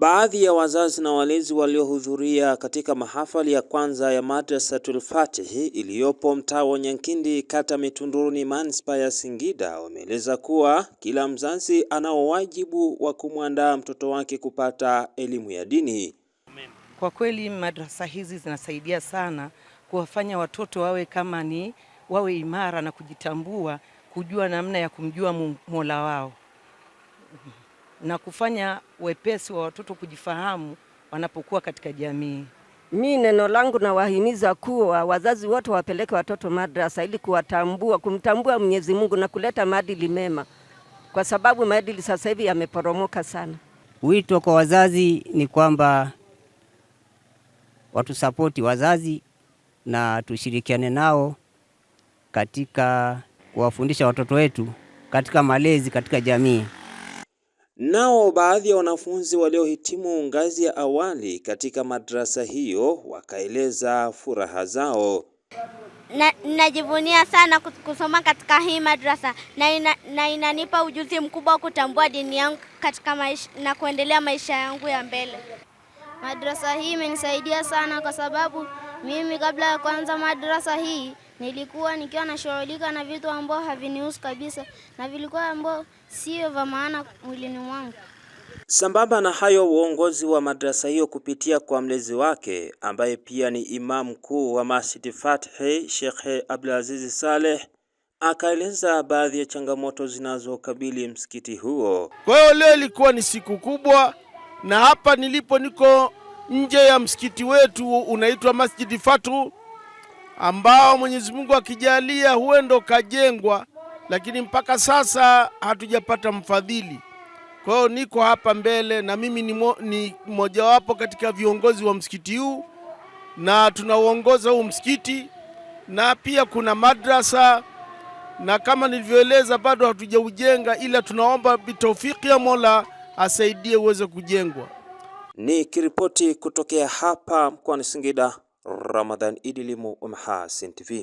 Baadhi ya wazazi na walezi waliohudhuria katika mahafali ya kwanza ya madrasa Fatihi iliyopo mtaa wa Nyankindi kata Mitunduruni manispaa ya Singida wameeleza kuwa kila mzazi anao wajibu wa kumwandaa mtoto wake kupata elimu ya dini. Kwa kweli madrasa hizi zinasaidia sana kuwafanya watoto wawe kama ni wawe imara na kujitambua, kujua namna ya kumjua Mola wao na kufanya wepesi wa watoto kujifahamu wanapokuwa katika jamii. Mi neno langu nawahimiza kuwa wazazi wote wapeleke watoto madrasa ili kuwatambua, kumtambua Mwenyezi Mungu na kuleta maadili mema, kwa sababu maadili sasa hivi yameporomoka sana. Wito kwa wazazi ni kwamba watusapoti wazazi na tushirikiane nao katika kuwafundisha watoto wetu katika malezi katika jamii. Nao baadhi ya wanafunzi waliohitimu ngazi ya awali katika madrasa hiyo wakaeleza furaha zao. Na, najivunia sana kusoma katika hii madrasa na, ina, na inanipa ujuzi mkubwa wa kutambua dini yangu katika maisha, na kuendelea maisha yangu ya mbele. Madrasa hii imenisaidia sana kwa sababu mimi kabla ya kuanza madrasa hii Nilikuwa nikiwa nashughulika na vitu ambao havinihusu kabisa na vilikuwa ambao sio vya maana mwilini mwangu. Sambamba na hayo, uongozi wa madrasa hiyo kupitia kwa mlezi wake ambaye pia ni imamu mkuu wa Masjid Fathi Sheikh Abdulaziz Saleh akaeleza baadhi ya changamoto zinazokabili msikiti huo. Kwa hiyo leo ilikuwa ni siku kubwa, na hapa nilipo niko nje ya msikiti wetu unaitwa Masjid Fatu ambao Mwenyezi Mungu akijalia huenda ukajengwa, lakini mpaka sasa hatujapata mfadhili. Kwa hiyo niko hapa mbele na mimi ni, mo, ni mojawapo katika viongozi wa msikiti huu na tunauongoza huu msikiti, na pia kuna madrasa na kama nilivyoeleza bado hatujaujenga, ila tunaomba bitaufiki ya Mola asaidie uweze kujengwa. ni kiripoti kutokea hapa mkoani Singida. رمضان إدلي مو أم حاسنت فيه